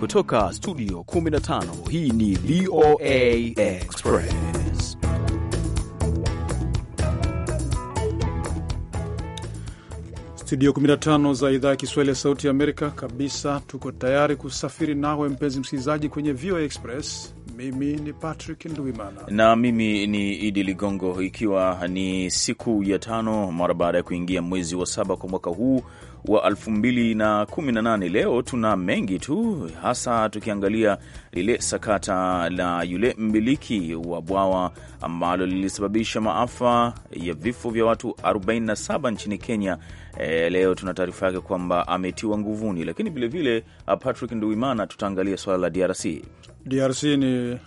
Kutoka studio 15 hii ni VOA Express. Studio 15 za idhaa ya Kiswahili ya Sauti ya Amerika kabisa, tuko tayari kusafiri nawe mpenzi msikilizaji kwenye VOA Express. Mimi ni Patrick Ndwimana na mimi ni Idi Ligongo, ikiwa ni siku ya tano mara baada ya kuingia mwezi wa saba kwa mwaka huu wa 2018. Leo tuna mengi tu, hasa tukiangalia lile sakata la yule mmiliki wa bwawa ambalo lilisababisha maafa ya vifo vya watu 47 nchini Kenya. E, leo tuna taarifa yake kwamba ametiwa nguvuni, lakini vilevile Patrick Nduimana, tutaangalia swala la DRC. DRC ni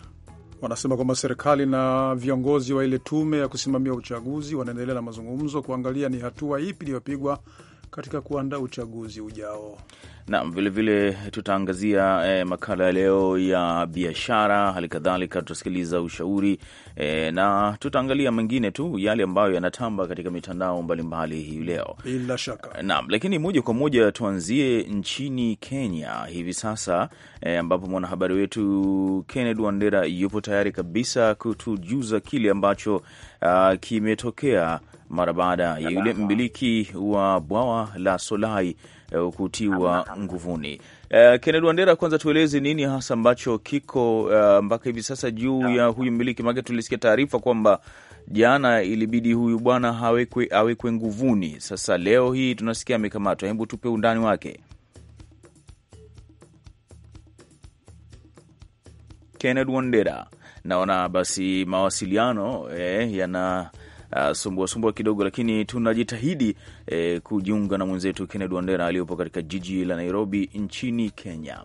wanasema kwamba serikali na viongozi wa ile tume ya kusimamia uchaguzi wanaendelea na mazungumzo kuangalia ni hatua ipi iliyopigwa katika kuandaa uchaguzi ujao. Naam, vilevile tutaangazia e, makala ya leo ya biashara, hali kadhalika tutasikiliza ushauri e, na tutaangalia mengine tu yale ambayo yanatamba katika mitandao mbalimbali hii leo. Bila shaka. Naam, lakini moja kwa moja tuanzie nchini Kenya hivi sasa e, ambapo mwanahabari wetu Kenneth Wandera yupo tayari kabisa kutujuza kile ambacho ah, kimetokea mara baada ya yule mmiliki wa bwawa la Solai uh, kutiwa nguvuni. Uh, Kennedy Wandera, kwanza tueleze nini hasa ambacho kiko uh, mpaka hivi sasa juu ya huyu mmiliki, maana tulisikia taarifa kwamba jana ilibidi huyu bwana awekwe, awekwe nguvuni. Sasa leo hii tunasikia amekamatwa. Hebu tupe undani wake. Kennedy Wandera, naona basi mawasiliano eh, yana Uh, sumbua sumbua kidogo, lakini tunajitahidi eh, kujiunga na mwenzetu Kennedy Wandera aliyopo katika jiji la Nairobi nchini Kenya.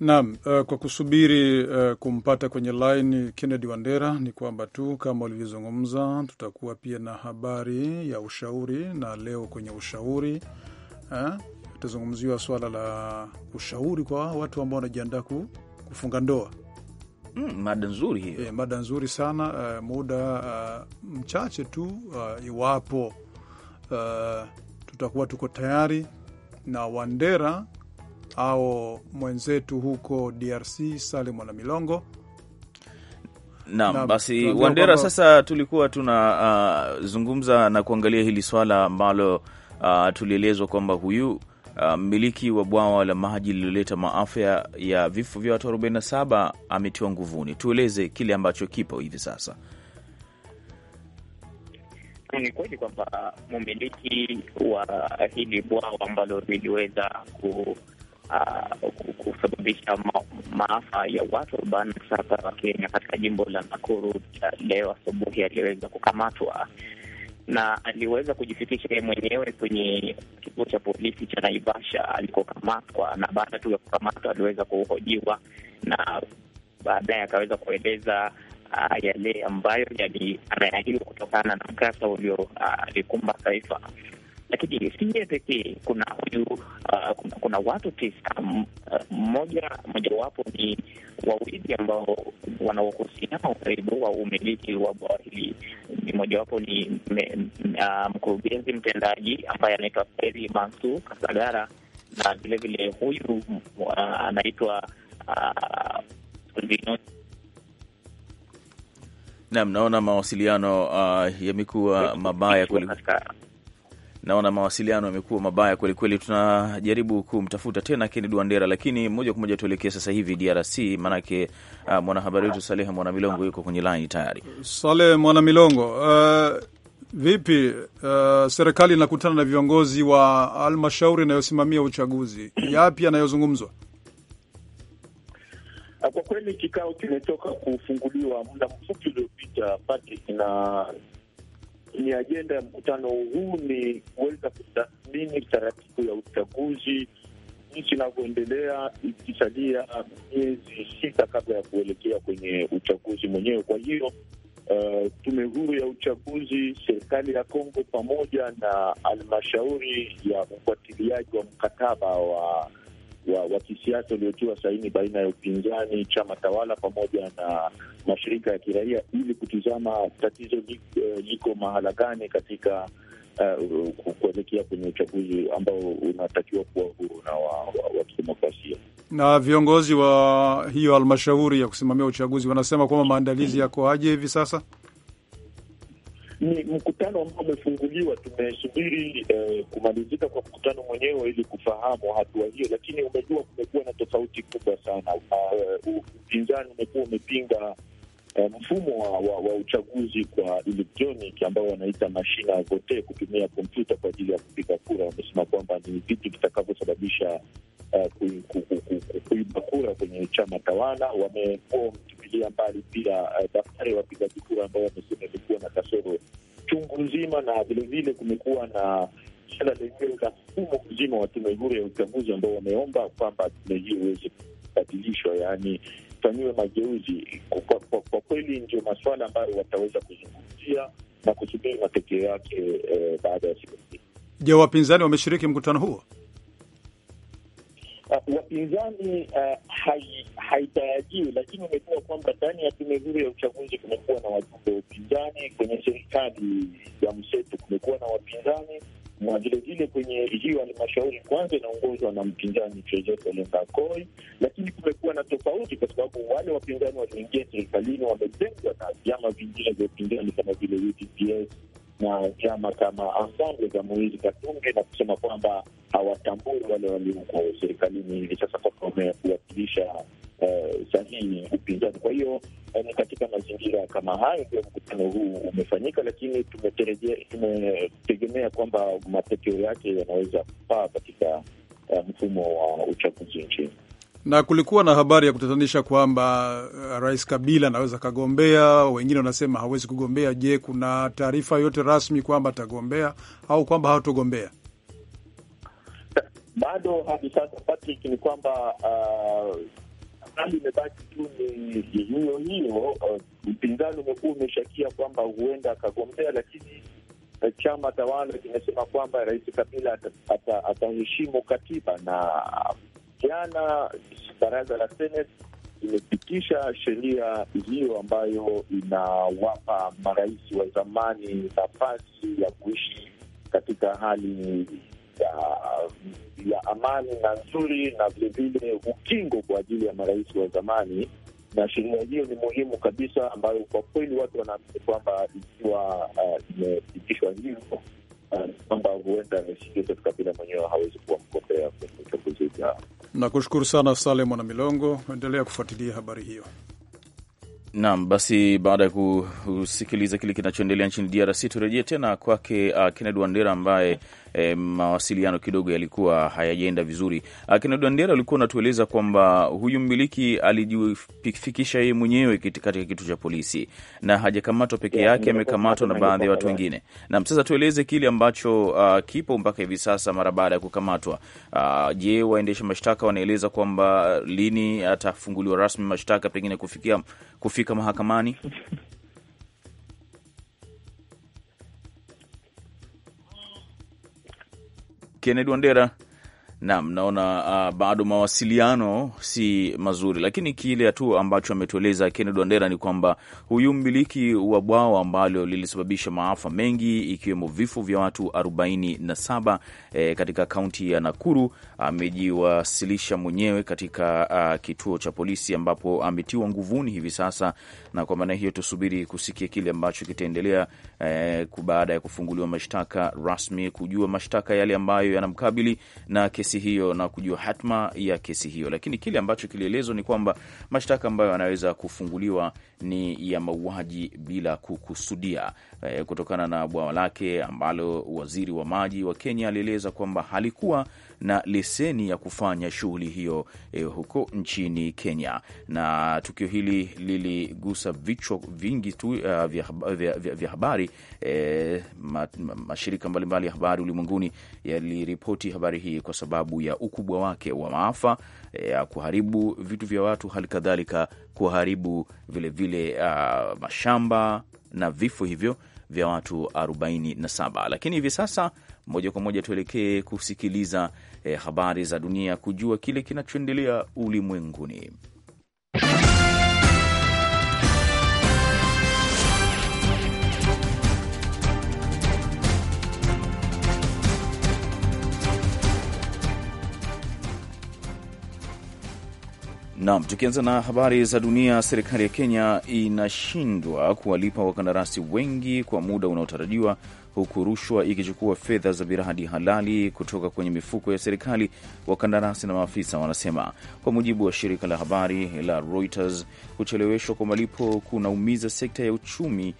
Naam, uh, kwa kusubiri uh, kumpata kwenye line Kennedy Wandera, ni kwamba tu kama ulivyozungumza, tutakuwa pia na habari ya ushauri, na leo kwenye ushauri uh, eh, tazungumziwa swala la ushauri kwa watu ambao wanajiandaa kufunga ndoa Mm, mada nzuri hiyo. E, mada nzuri sana. Uh, muda uh, mchache tu uh, iwapo uh, tutakuwa tuko tayari na Wandera au mwenzetu huko DRC Sale Mwana Milongo. Naam, na, basi Wandera, sasa tulikuwa tunazungumza uh, na kuangalia hili swala ambalo uh, tulielezwa kwamba huyu Uh, mmiliki uh, wa bwawa la maji lililoleta maafa ya vifo vya watu 47 ametiwa nguvuni. Tueleze kile ambacho kipo hivi sasa. Ni kweli kwamba mmiliki wa hili bwawa ambalo liliweza ku Uh, kusababisha ma maafa ya watu arobaini na saba wa Kenya katika jimbo la Nakuru uh, leo asubuhi aliweza kukamatwa na aliweza kujifikisha yeye mwenyewe kwenye kituo cha polisi cha Naivasha alikokamatwa, na baada tu ya kukamatwa aliweza kuhojiwa na baadaye akaweza kueleza uh, yale ambayo yali kutokana na mkasa uliolikumba ah, uh, taifa lakini si pekee. Kuna huyu uh, kuna, kuna watu tisa, uh, mmoja mojawapo ni wawili ambao wana uhusiano karibu wa umiliki wa bwawa hili. Mmojawapo ni uh, mkurugenzi uh, mtendaji ambaye anaitwa Peri Mansu Kasagara na vilevile huyu uh, anaitwa uh, nam naona mawasiliano uh, yamekuwa mabaya kweli naona mawasiliano yamekuwa mabaya kwelikweli. Tunajaribu kumtafuta tena Kennedy Wandera, lakini moja kwa moja tuelekee sasa hivi DRC, maanake uh, mwanahabari wetu Saleh Mwanamilongo yuko kwenye laini tayari. Saleh Mwanamilongo, uh, vipi uh, serikali inakutana na viongozi wa halmashauri inayosimamia uchaguzi, yapi yanayozungumzwa? Ah, kwa kweli kikao kimetoka kufunguliwa muda mfupi uliopita, na ni ajenda ya mkutano huu ni kuweza kutathmini taratibu ya uchaguzi nchi inavyoendelea, ikisalia miezi sita kabla ya kuelekea kwenye uchaguzi mwenyewe. Kwa hiyo uh, tume huru ya uchaguzi, serikali ya Kongo pamoja na halmashauri ya ufuatiliaji wa mkataba wa wa, wa kisiasa uliotiwa saini baina ya upinzani, chama tawala pamoja na mashirika ya kiraia ili kutizama tatizo e, liko uh, mahala gani katika uh, kuelekea kwenye uchaguzi ambao unatakiwa kuwa huru na wa, wa, wa kidemokrasia. Na viongozi wa hiyo halmashauri ya kusimamia uchaguzi wanasema kwamba maandalizi yako aje hivi sasa? ni mkutano ambao umefunguliwa. Tumesubiri eh, kumalizika kwa mkutano mwenyewe ili kufahamu hatua hiyo, lakini umejua, kumekuwa na tofauti kubwa sana. Eh, upinzani uh, umekuwa umepinga eh, mfumo wa, wa, wa uchaguzi kwa electronic ambao wanaita mashina vote, kutumia kompyuta kwa ajili ya kupiga kura. Wamesema kwamba ni vitu vitakavyosababisha eh, kuiba kura kwenye chama tawala. Wamekuwa wametupilia mbali pia daktari eh, daftari ya wapigaji kura ambao wamesema nzima, na vilevile kumekuwa na suala lenyewe la mfumo mzima wa tume huru ya uchaguzi ambao wameomba kwamba tume hiyo iweze kubadilishwa, yaani fanyiwe mageuzi. Kwa kweli ndio masuala ambayo wataweza kuzungumzia na kusubiri matokeo yake eh, baada ya siku mbili. Je, wapinzani wameshiriki mkutano huo? uh, wapinzani uh, haitarajiwi hai, lakini umekuwa kwamba ndani ya tume huru ya uchaguzi kumekuwa na wajumbe wa upinzani, kwenye serikali ya mseto kumekuwa na wapinzani na vilevile kwenye hiyo halmashauri kwanza inaongozwa na mpinzani Trejet Olenga lakini kumekuwa na tofauti kwa sababu wale wapinzani walioingia serikalini wametengwa na vyama vingine vya upinzani kama vile UDPS na chama kama Ensemble za Muhiri Katunge na kusema kwamba hawatambui wale walioko serikalini hivi sasa kwamba wamekuwakilisha uh, eh, sahihi upinzani. Kwa hiyo eh, ni katika mazingira kama hayo ndio mkutano huu umefanyika, lakini tumetegemea kwamba matokeo yake yanaweza kupaa katika uh, mfumo wa uchaguzi nchini na kulikuwa na habari ya kutatanisha kwamba uh, Rais Kabila anaweza akagombea, wengine wanasema hawezi kugombea. Je, kuna taarifa yoyote rasmi kwamba atagombea au kwamba hatogombea? Bado hadi sasa, Patrick, ni kwamba uh, hali imebaki tu ni hiyo hiyo. Mpinzani uh, umekuwa umeshakia kwamba huenda akagombea, lakini uh, chama tawala kimesema kwamba Rais Kabila ataheshimu ata, ata katiba na jana baraza la Senate imepitisha sheria hiyo ambayo inawapa marais wa zamani nafasi ya kuishi katika hali ya, ya amani na nzuri na vilevile ukingo kwa ajili ya marais wa zamani. Na sheria hiyo ni muhimu kabisa, ambayo kwa kweli watu wanaamini kwamba ikiwa uh, imepitishwa uh, hivyo ambao huenda mwenyewe hawezi kuwa mgombea kwenye uchaguzi ujao. Nakushukuru sana Sale Mwana Milongo, endelea kufuatilia habari hiyo. Naam, basi baada ya kusikiliza kile kinachoendelea nchini DRC turejee tena kwake uh, Kennedy Wandera ambaye e, mawasiliano kidogo yalikuwa hayajaenda vizuri. Ah, kina Dandera alikuwa anatueleza kwamba huyu mmiliki alijifikisha yeye mwenyewe katika kitu cha polisi na hajakamatwa peke yake, amekamatwa na baadhi ya watu wengine. Nam, sasa tueleze kile ambacho uh, kipo mpaka hivi sasa mara baada ya kukamatwa. Uh, je, waendesha mashtaka wanaeleza kwamba lini atafunguliwa rasmi mashtaka, pengine kufikia kufika mahakamani? Kennedy Wandera, Naam, naona uh, bado mawasiliano si mazuri, lakini kile tu ambacho ametueleza Kennedy Wandera ni kwamba huyu mmiliki wa bwawa ambalo lilisababisha maafa mengi ikiwemo vifo vya watu 47 eh, katika kaunti ya Nakuru amejiwasilisha mwenyewe katika uh, kituo cha polisi ambapo ametiwa nguvuni hivi sasa, na kwa maana hiyo tusubiri kusikia kile ambacho kitaendelea eh, baada ya kufunguliwa mashtaka rasmi, kujua mashtaka yale ambayo yanamkabili na kesi kesi hiyo na kujua hatma ya kesi hiyo, lakini kile ambacho kilielezwa ni kwamba mashtaka ambayo anaweza kufunguliwa ni ya mauaji bila kukusudia, e, kutokana na bwawa lake ambalo waziri wa maji wa Kenya alieleza kwamba halikuwa na leseni ya kufanya shughuli hiyo eh, huko nchini Kenya. Na tukio hili liligusa vichwa vingi tu uh, vya habari eh, mashirika mbalimbali mbali ya habari ulimwenguni yaliripoti habari hii kwa sababu ya ukubwa wake wa maafa e, ya eh, kuharibu vitu vya watu, hali kadhalika kuharibu vilevile uh, mashamba na vifo hivyo vya watu 47. Lakini hivi sasa moja kwa moja tuelekee kusikiliza eh, habari za dunia, kujua kile kinachoendelea ulimwenguni. Naam, tukianza na habari za dunia, serikali ya Kenya inashindwa kuwalipa wakandarasi wengi kwa muda unaotarajiwa huku rushwa ikichukua fedha za miradi halali kutoka kwenye mifuko ya serikali, wakandarasi na maafisa wanasema. Kwa mujibu wa shirika la habari la Reuters, kucheleweshwa kwa malipo kunaumiza sekta ya uchumi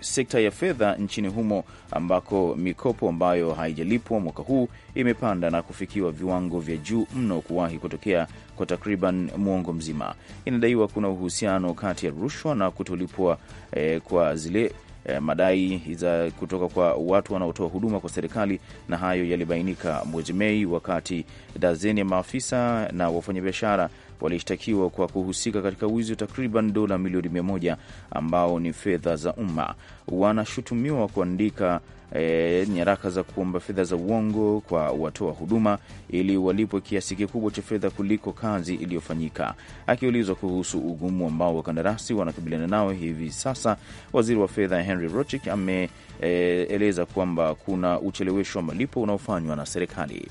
sekta ya fedha nchini humo ambako mikopo ambayo haijalipwa mwaka huu imepanda na kufikiwa viwango vya juu mno kuwahi kutokea kwa takriban mwongo mzima. Inadaiwa kuna uhusiano kati ya rushwa na kutolipwa eh, kwa zile eh, madai za kutoka kwa watu wanaotoa huduma kwa serikali, na hayo yalibainika mwezi Mei wakati dazeni ya maafisa na wafanyabiashara walishtakiwa kwa kuhusika katika wizi wa takriban dola milioni mia moja ambao ni fedha za umma. Wanashutumiwa kuandika E, nyaraka za kuomba fedha za uongo kwa watoa huduma ili walipwe kiasi kikubwa cha fedha kuliko kazi iliyofanyika. Akiulizwa kuhusu ugumu ambao wakandarasi wanakabiliana nao hivi sasa, waziri wa fedha Henry Rotich ameeleza eh, kwamba kuna uchelewesho wa malipo unaofanywa na serikali.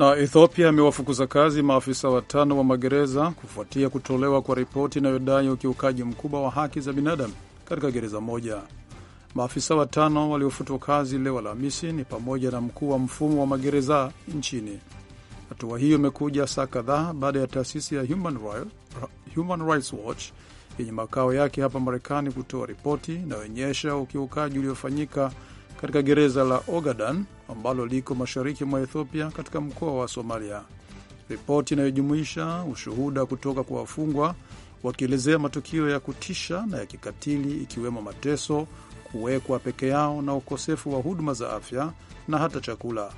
Na Ethiopia amewafukuza kazi maafisa watano wa magereza kufuatia kutolewa kwa ripoti inayodai ukiukaji mkubwa wa haki za binadamu katika gereza moja. Maafisa watano waliofutwa kazi leo Alhamisi ni pamoja na mkuu wa mfumo wa magereza nchini. Hatua hiyo imekuja saa kadhaa baada ya taasisi ya Human Rights, Human Rights Watch yenye makao yake hapa Marekani kutoa ripoti inayoonyesha ukiukaji uliofanyika katika gereza la ogadan ambalo liko mashariki mwa Ethiopia katika mkoa wa Somalia. Ripoti inayojumuisha ushuhuda kutoka kwa wafungwa wakielezea matukio ya kutisha na ya kikatili ikiwemo mateso, kuwekwa peke yao na ukosefu wa huduma za afya na hata chakula.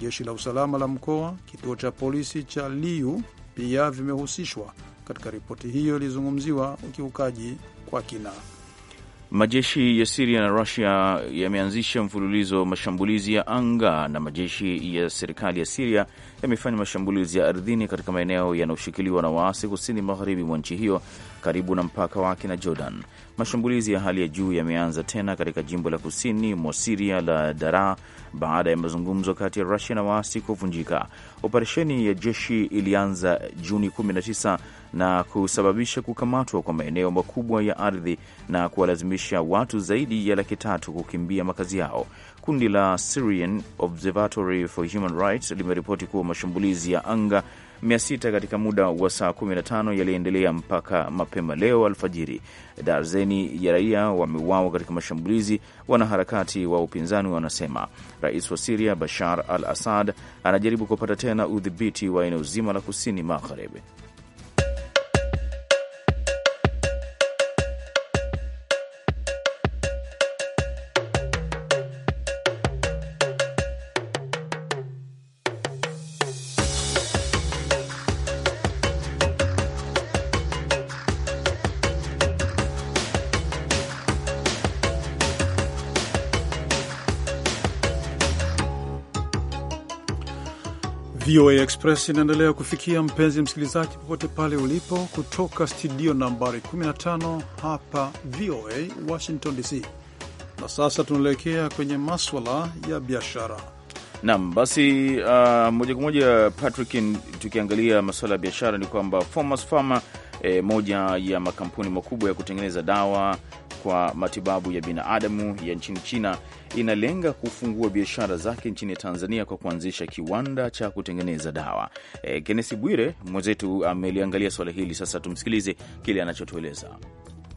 Jeshi la usalama la mkoa, kituo cha polisi cha Liu pia vimehusishwa katika ripoti hiyo ilizungumziwa ukiukaji kwa kina. Majeshi ya Siria na Rusia yameanzisha mfululizo wa mashambulizi ya anga na majeshi ya serikali ya Siria yamefanya mashambulizi ya ardhini katika maeneo yanayoshikiliwa na waasi kusini magharibi mwa nchi hiyo karibu na mpaka wake na Jordan. Mashambulizi ya hali ya juu yameanza tena katika jimbo la kusini mwa Siria la Daraa baada ya mazungumzo kati ya Rusia na waasi kuvunjika. Operesheni ya jeshi ilianza Juni 19 na kusababisha kukamatwa kwa maeneo makubwa ya ardhi na kuwalazimisha watu zaidi ya laki tatu kukimbia makazi yao. Kundi la Syrian Observatory for Human Rights limeripoti kuwa mashambulizi ya anga 600 katika muda wa saa 15 yaliendelea mpaka mapema leo alfajiri. Darzeni ya raia wameuawa katika mashambulizi, wanaharakati wa upinzani wanasema. Rais wa Siria Bashar al Assad anajaribu kupata tena udhibiti wa eneo zima la kusini magharibi. VOA Express inaendelea kufikia mpenzi msikilizaji, popote pale ulipo, kutoka studio nambari 15 hapa VOA Washington DC. Na sasa tunaelekea kwenye maswala ya biashara. Naam, basi uh, moja kwa moja Patrick, tukiangalia masuala ya biashara ni kwamba Formas Pharma, eh, moja ya makampuni makubwa ya kutengeneza dawa kwa matibabu ya binadamu ya nchini China inalenga kufungua biashara zake nchini Tanzania kwa kuanzisha kiwanda cha kutengeneza dawa. E, Kennesi Bwire mwenzetu ameliangalia swala hili, sasa tumsikilize kile anachotueleza.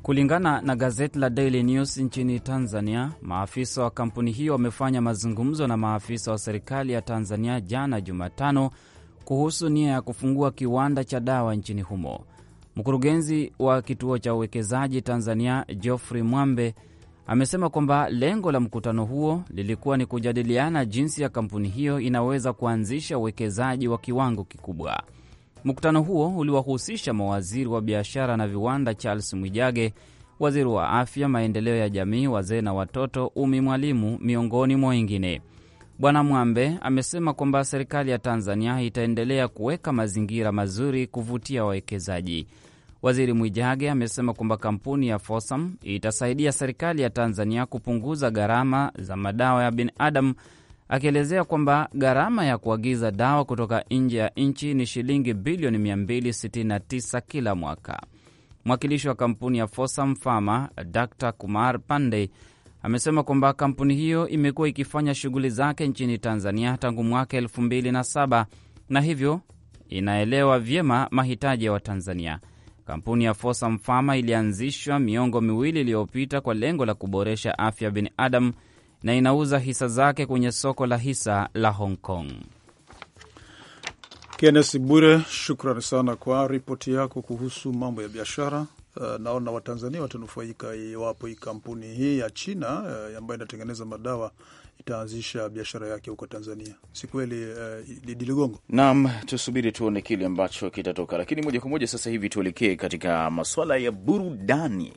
Kulingana na gazeti la Daily News nchini Tanzania, maafisa wa kampuni hiyo wamefanya mazungumzo na maafisa wa serikali ya Tanzania jana Jumatano kuhusu nia ya kufungua kiwanda cha dawa nchini humo. Mkurugenzi wa kituo cha uwekezaji Tanzania, Geoffrey Mwambe, amesema kwamba lengo la mkutano huo lilikuwa ni kujadiliana jinsi ya kampuni hiyo inaweza kuanzisha uwekezaji wa kiwango kikubwa. Mkutano huo uliwahusisha mawaziri wa biashara na viwanda Charles Mwijage, waziri wa afya, maendeleo ya jamii, wazee na watoto Umi Mwalimu, miongoni mwa wengine. Bwana Mwambe amesema kwamba serikali ya Tanzania itaendelea kuweka mazingira mazuri kuvutia wawekezaji. Waziri Mwijage amesema kwamba kampuni ya Fosam itasaidia serikali ya Tanzania kupunguza gharama za madawa ya binadamu, akielezea kwamba gharama ya kuagiza dawa kutoka nje ya nchi ni shilingi bilioni 269 kila mwaka. Mwakilishi wa kampuni ya Fosam Pharma Dr Kumar Pandey amesema kwamba kampuni hiyo imekuwa ikifanya shughuli zake nchini Tanzania tangu mwaka elfu mbili na saba na hivyo inaelewa vyema mahitaji ya Watanzania. Kampuni ya Fosa Pharma ilianzishwa miongo miwili iliyopita kwa lengo la kuboresha afya ya binadamu na inauza hisa zake kwenye soko la hisa la Hong Kong. kennes bure shukrani sana kwa ripoti yako kuhusu mambo ya biashara. Uh, naona Watanzania watanufaika iwapo hii kampuni hii ya China uh, ambayo inatengeneza madawa itaanzisha biashara yake huko Tanzania. Si kweli eh, Idi Ligongo? Uh, naam, tusubiri tuone kile ambacho kitatoka, lakini moja kwa moja sasa hivi tuelekee katika maswala ya burudani.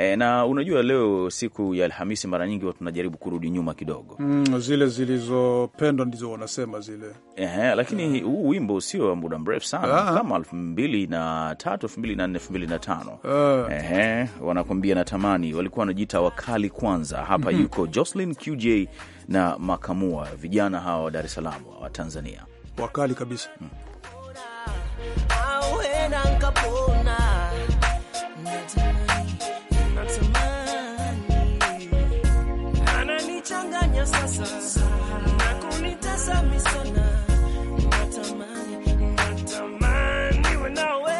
E, na unajua leo siku ya Alhamisi mara nyingi watu tunajaribu kurudi nyuma kidogo, mm, zile zilizopendwa ndizo wanasema zile ehe, lakini eh. huu yeah, wimbo sio muda mrefu sana yeah, kama elfu mbili na tatu elfu mbili na nne elfu mbili na tano ah. ehe, wanakwambia natamani, walikuwa wanajiita wakali kwanza hapa mm -hmm. Yuko Jocelyn QJ na Makamua, vijana hawa wa Dar es Salaam wa Tanzania wakali kabisa mm. Tazami sana natamani, natamani wenawe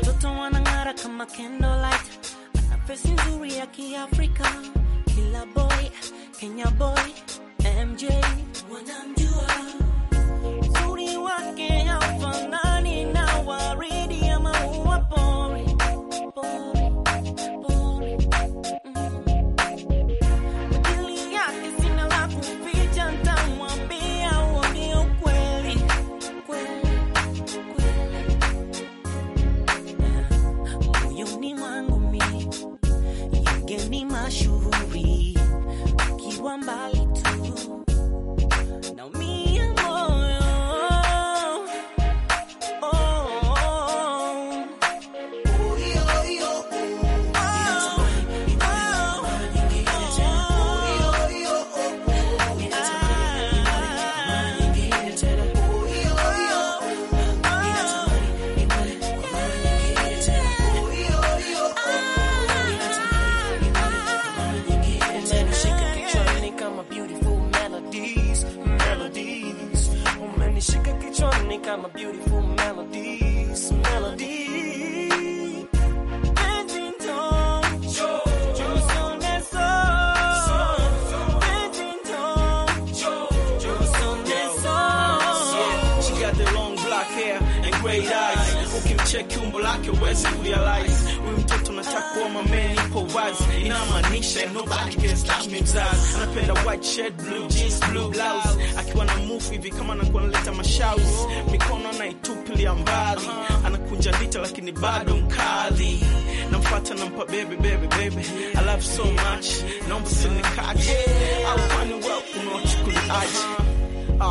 Mtoto wanang'ara kama candlelight mapesi nzuri ya Kiafrika, kila boy Kenya boy MJ wanamjua nzuri wake afanani na waridi ya maua pori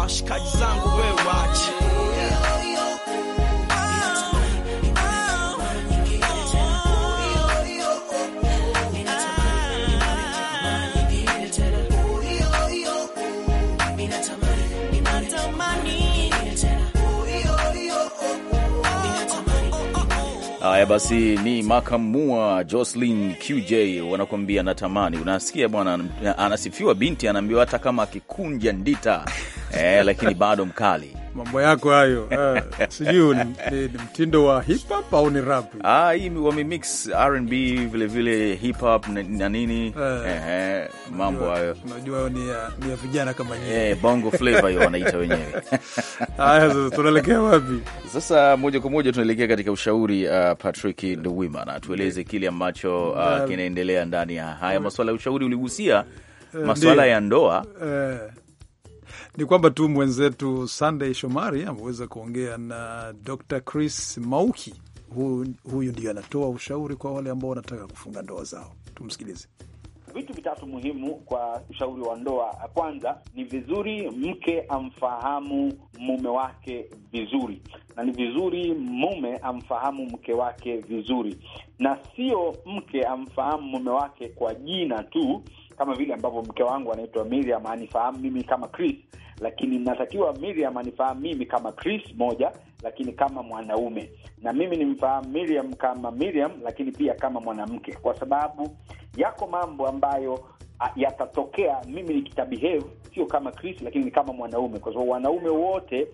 washikaji zangu, we wache Haya basi, ni Makamua Jocelyn QJ wanakuambia natamani. Unasikia bwana, anasifiwa binti, anaambiwa hata kama akikunja ndita eh, lakini bado mkali. Mambo yako hayo eh, sijui ni, ni, ni mtindo wa hip hop au ni rap? Ah, hii wamemix rnb vilevile vile hip hop na nini eh, eh, eh, mambo hayo unajua ni ni ya vijana kama nyinyi eh, bongo flavor hiyo wanaita wenyewe. Haya, sasa tunaelekea wapi? Sasa moja kwa moja tunaelekea katika ushauri. Uh, Patrick na tueleze kile ambacho uh, kinaendelea ndani ya haya masuala ya ushauri. Uligusia eh, masuala ya ndoa uh, ni kwamba tu mwenzetu Sunday Shomari ameweza kuongea na Dr Chris Mauki. Huyu, huyu ndio anatoa ushauri kwa wale ambao wanataka kufunga ndoa zao. Tumsikilize. Vitu vitatu muhimu kwa ushauri wa ndoa. Kwanza, ni vizuri mke amfahamu mume wake vizuri, na ni vizuri mume amfahamu mke wake vizuri, na sio mke amfahamu mume wake kwa jina tu kama vile ambavyo mke wangu anaitwa Miriam anifahamu mimi kama Chris, lakini natakiwa Miriam anifahamu mimi kama Chris moja, lakini kama mwanaume, na mimi nimfahamu Miriam kama Miriam, lakini pia kama mwanamke, kwa sababu yako mambo ambayo yatatokea mimi nikitabehave sio kama Chris, lakini ni kama mwanaume, kwa sababu wanaume wote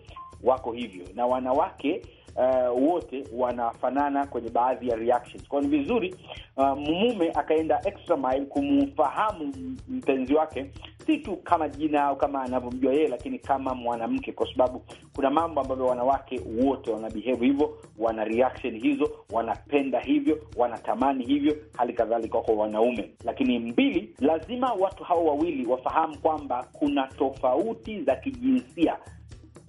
wako hivyo na wanawake uh, wote wanafanana kwenye baadhi ya reactions. Kwa ni vizuri uh, mume akaenda extra mile kumfahamu mpenzi wake, si tu kama jina au kama anavyomjua yeye, lakini kama mwanamke, kwa sababu kuna mambo ambavyo wanawake wote wanabehave hivyo, wana reaction hizo, wanapenda hivyo, wanatamani hivyo, hali kadhalika kwa wanaume. Lakini mbili, lazima watu hao wawili wafahamu kwamba kuna tofauti za kijinsia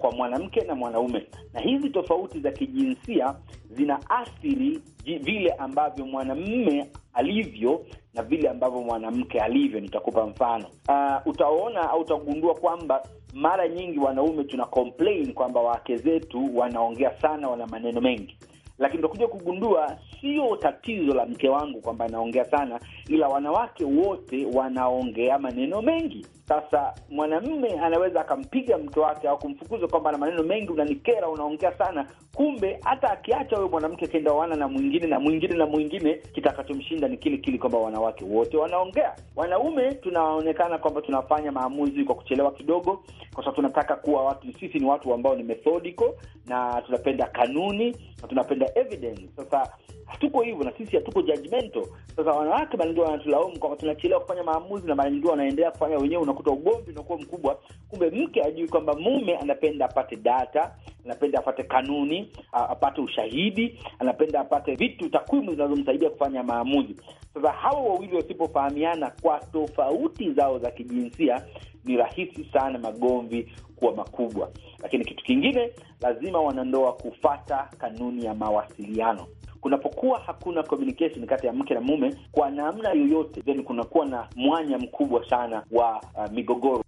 kwa mwanamke na mwanaume, na hizi tofauti za kijinsia zina athiri vile ambavyo mwanamme alivyo na vile ambavyo mwanamke alivyo. Nitakupa mfano. Uh, utaona au utagundua kwamba mara nyingi wanaume tuna complain kwamba wake zetu wanaongea sana, wana maneno mengi lakini utakuja kugundua sio tatizo la mke wangu kwamba anaongea sana, ila wanawake wote wanaongea maneno mengi. Sasa mwanamme anaweza akampiga mke wake au kumfukuza kwamba na maneno mengi, unanikera, unaongea sana. Kumbe hata akiacha huyo mwanamke wana na mwingine na mwingine na mwingine, kitakachomshinda ni kile kile, kwamba wanawake wote wanaongea. Wanaume tunaonekana kwamba tunafanya maamuzi kwa kuchelewa kidogo, kwa sababu tunataka kuwa watu, sisi ni watu ambao ni methodical na tunapenda kanuni na tunapenda evidence. Sasa hatuko hivyo na sisi hatuko judgmental. Sasa wanawake mara nyingi wanatulaumu kwamba tunachelewa kufanya maamuzi, na mara nyingi wanaendelea kufanya wenyewe, unakuta ugomvi unakuwa mkubwa. Kumbe mke ajui kwamba mume anapenda apate data, anapenda apate kanuni, apate ushahidi, anapenda apate vitu, takwimu zinazomsaidia kufanya maamuzi. Sasa hawa wawili wasipofahamiana kwa tofauti zao za kijinsia, ni rahisi sana magomvi kuwa makubwa. Lakini kitu kingine, lazima wanandoa kufata kanuni ya mawasiliano kunapokuwa hakuna communication kati ya mke na mume kwa namna yoyote, then kunakuwa na mwanya mkubwa sana wa uh, migogoro.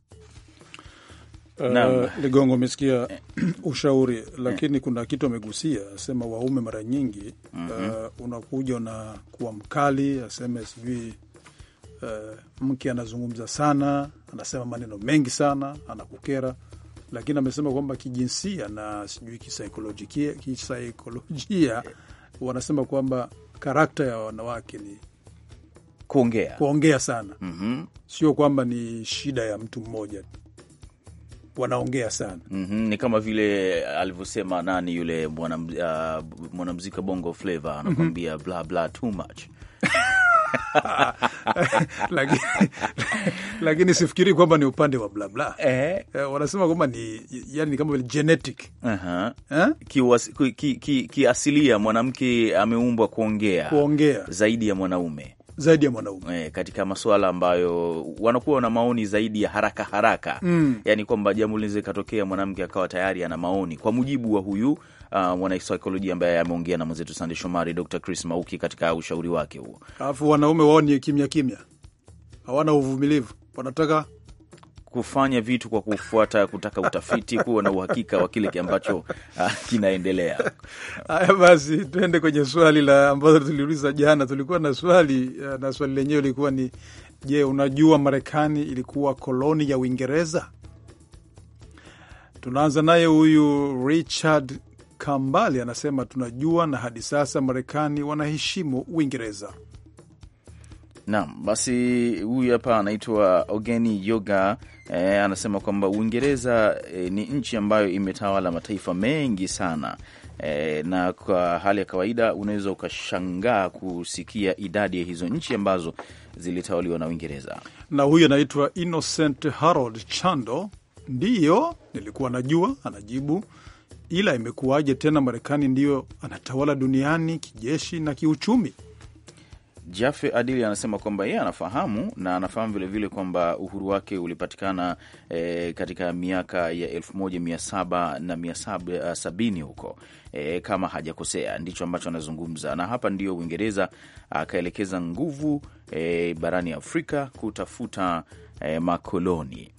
Uh, Ligongo, umesikia eh. ushauri, lakini eh. kuna kitu amegusia, asema waume mara nyingi mm -hmm. uh, unakuja na kuwa mkali, aseme sijui uh, mke anazungumza sana, anasema maneno mengi sana, anakukera lakini amesema kwamba kijinsia na sijui kisaikolojia, kisaikolojia eh wanasema kwamba karakta ya wanawake ni kuongea, kuongea sana mm -hmm. Sio kwamba ni shida ya mtu mmoja wanaongea sana mm -hmm. Ni kama vile alivyosema nani yule mwanamziki uh, ah, mwana wa bongo flava anakuambia mm -hmm. bla bla too much lakini, lakini sifikiri kwamba ni upande wa blabla eh. Eh, wanasema kwamba ni yani ni kama vile genetic uh -huh. eh? Kiasilia ki, ki, ki mwanamke ameumbwa kuongea kuongea zaidi ya mwanaume zaidi ya mwanaume e, katika masuala ambayo wanakuwa na maoni zaidi ya haraka haraka mm. Yani kwamba jambo linaweza ikatokea mwanamke akawa tayari ana maoni kwa mujibu wa huyu Uh, mwanasaikolojia ambaye ameongea na mwenzetu Sande Shomari, Dr Chris Mauki katika ushauri wake huo. Alafu wanaume wao ni kimya kimya, hawana uvumilivu, wanataka kufanya vitu kwa kufuata kutaka utafiti, kuwa na uhakika wa kile ambacho uh, ah, kinaendelea. Haya basi, tuende kwenye swali la ambalo tuliuliza jana. Tulikuwa na swali eh, na swali lenyewe ilikuwa ni je, unajua Marekani ilikuwa koloni ya Uingereza? Tunaanza naye huyu Richard Kambali anasema tunajua, na hadi sasa Marekani wanaheshimu Uingereza. Naam, basi huyu hapa anaitwa Ogeni Yoga. E, anasema kwamba Uingereza e, ni nchi ambayo imetawala mataifa mengi sana e, na kwa hali ya kawaida unaweza ukashangaa kusikia idadi ya hizo nchi ambazo zilitawaliwa na Uingereza. Na huyu anaitwa Innocent Harold Chando, ndiyo nilikuwa najua, anajibu ila imekuwaje tena Marekani ndiyo anatawala duniani kijeshi na kiuchumi? jafe Adili anasema kwamba yeye anafahamu na anafahamu vilevile kwamba uhuru wake ulipatikana e, katika miaka ya elfu moja mia saba na mia saba eh, sabini huko e, kama hajakosea, ndicho ambacho anazungumza. Na hapa ndio Uingereza akaelekeza nguvu e, barani Afrika kutafuta e, makoloni.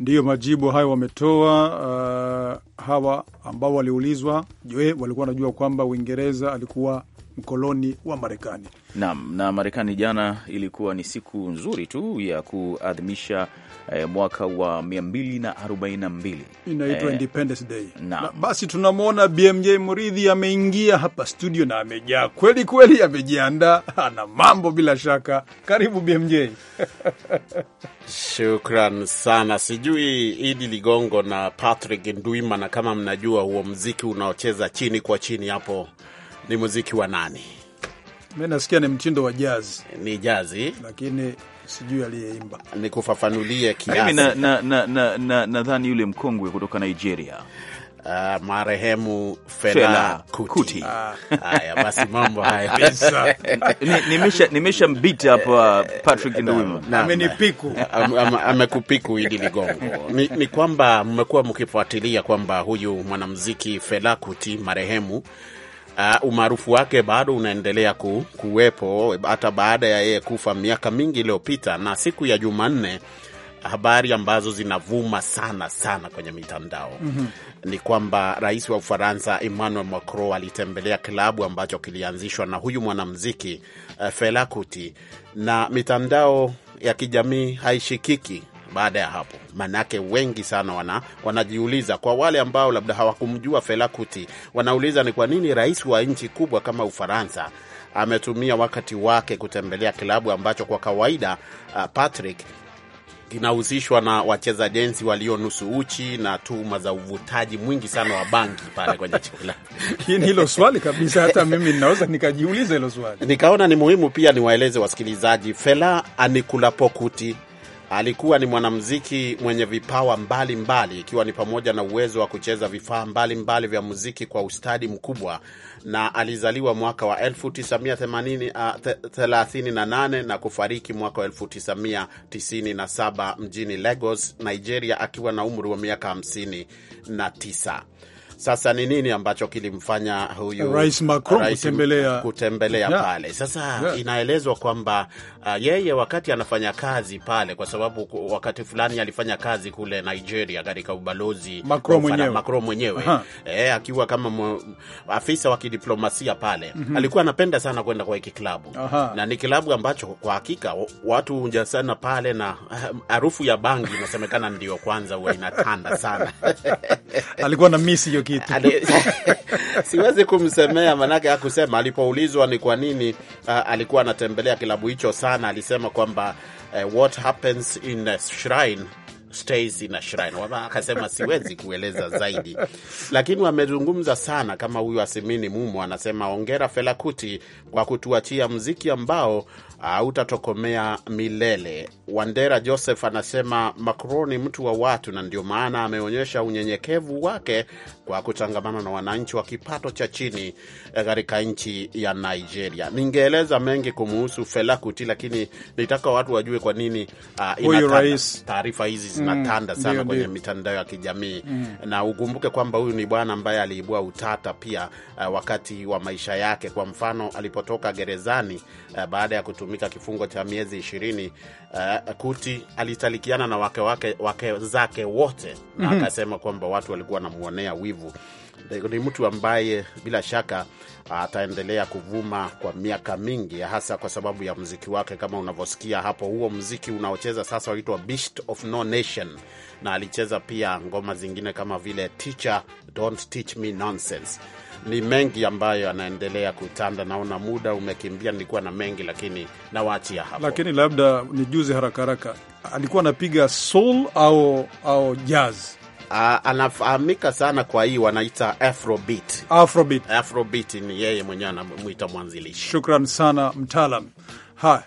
Ndiyo majibu hayo wametoa uh, hawa ambao waliulizwa, je, walikuwa wanajua kwamba Uingereza alikuwa mkoloni wa Marekani. Naam, na Marekani jana ilikuwa ni siku nzuri tu ya kuadhimisha eh, mwaka wa 242 inaitwa eh, Independence Day na. Na, basi tunamwona BMJ Muridhi ameingia hapa studio na amejaa kweli kweli, amejiandaa ana mambo bila shaka. Karibu BMJ. Shukran sana. Sijui Idi Ligongo na Patrick Ndwimana kama mnajua huo mziki unaocheza chini kwa chini hapo ni muziki wa nani? Mi nasikia ni mtindo wa jazi, ni jazi eh? lakini sijui aliyeimba. Nikufafanulie ah, kiasi, nadhani na, na, na, na, yule mkongwe kutoka Nigeria Uh, marehemu Fela Kuti. Ah. Haya basi, mambo haya nimesha nimesha mbita hapa Patrick eh, eh, amenipiku amekupiku Ligongo. Ni, ni kwamba mmekuwa mkifuatilia kwamba huyu mwanamuziki Fela Kuti marehemu uh, umaarufu wake bado unaendelea ku, kuwepo hata baada ya yeye kufa miaka mingi iliyopita. Na siku ya Jumanne, habari ambazo zinavuma sana sana kwenye mitandao mm -hmm. ni kwamba rais wa Ufaransa Emmanuel Macron alitembelea klabu ambacho kilianzishwa na huyu mwanamuziki uh, Fela Kuti, na mitandao ya kijamii haishikiki baada ya hapo? Manake wengi sana wana, wanajiuliza kwa wale ambao labda hawakumjua Fela Kuti, wanauliza ni kwa nini rais wa nchi kubwa kama Ufaransa ametumia wakati wake kutembelea kilabu ambacho kwa kawaida uh, Patrick kinahusishwa na wacheza jensi walio nusu uchi na tuhuma za uvutaji mwingi sana wa bangi pale kwenye chakula. Lakini hilo swali kabisa, hata mimi ninaweza nikajiuliza hilo swali. Nikaona ni muhimu pia niwaeleze wasikilizaji Fela anikulapokuti Kuti Alikuwa ni mwanamuziki mwenye vipawa mbalimbali mbali, ikiwa ni pamoja na uwezo wa kucheza vifaa mbalimbali vya muziki kwa ustadi mkubwa, na alizaliwa mwaka wa 1938 uh, ah, na kufariki mwaka wa 1997 mjini Lagos, Nigeria, akiwa na umri wa miaka 59. Sasa ni nini ambacho kilimfanya huyu rais Macron kutembelea, kutembelea yeah, pale sasa yeah. Inaelezwa kwamba Uh, yeye wakati anafanya kazi pale, kwa sababu wakati fulani alifanya kazi kule Nigeria katika ubalozi Macron mwenyewe, Macron mwenyewe. E, akiwa kama mw, afisa wa kidiplomasia pale mm -hmm. Alikuwa anapenda sana kwenda kwa hiki klabu na ni klabu ambacho kwa hakika watu unja sana pale na harufu ya bangi inasemekana ndio kwanza huwa inatanda sana alikuwa na misi hiyo kitu siwezi kumsemea manake hakusema. Alipoulizwa ni kwa nini uh, alikuwa anatembelea klabu hicho sana jana alisema kwamba uh, what happens in a shrine Stacy na Shrine akasema siwezi kueleza zaidi, lakini wamezungumza sana, kama huyu Asimini Mumo anasema ongera Fela Kuti kwa kutuachia mziki ambao ah, hautatokomea milele. Wandera Joseph anasema Macron ni mtu wa watu na ndio maana ameonyesha unyenyekevu wake kwa kutangamana na wananchi wa kipato cha chini eh, katika nchi ya Nigeria. Ningeeleza mengi kumuhusu Fela Kuti, lakini nitaka watu wajue kwa nini ah, uh, ina taarifa hizi mm mm, sana kwenye mitandao ya kijamii mm. Na ukumbuke kwamba huyu ni bwana ambaye aliibua utata pia uh, wakati wa maisha yake. Kwa mfano alipotoka gerezani uh, baada ya kutumika kifungo cha miezi ishirini uh, Kuti alitalikiana na wake, wake, wake zake wote na mm -hmm. Akasema kwamba watu walikuwa wanamwonea wivu. Ni mtu ambaye bila shaka ataendelea kuvuma kwa miaka mingi, hasa kwa sababu ya mziki wake kama unavyosikia hapo. Huo mziki unaocheza sasa waitwa Beast of No Nation, na alicheza pia ngoma zingine kama vile Teacher Don't Teach Me Nonsense. Ni mengi ambayo anaendelea kutanda. Naona muda umekimbia, nilikuwa na mengi lakini nawaachia hapo, lakini labda nijuze haraka haraka, alikuwa anapiga soul au, au jazz Uh, anafahamika sana kwa hii wanaita Afrobeat. Afrobeat. Afrobeat ni yeye mwenyewe anamwita mwanzilishi. Shukran sana mtaalam. Haya,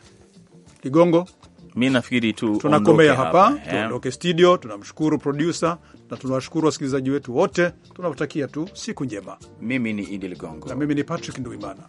Ligongo, mi nafikiri tu tunakomea hapa, hapa. Eh. Tuondoke studio, tunamshukuru producer na tunawashukuru wasikilizaji wetu wote, tunawatakia tu siku njema. Mimi ni Idi Ligongo na mimi ni Patrick Nduimana.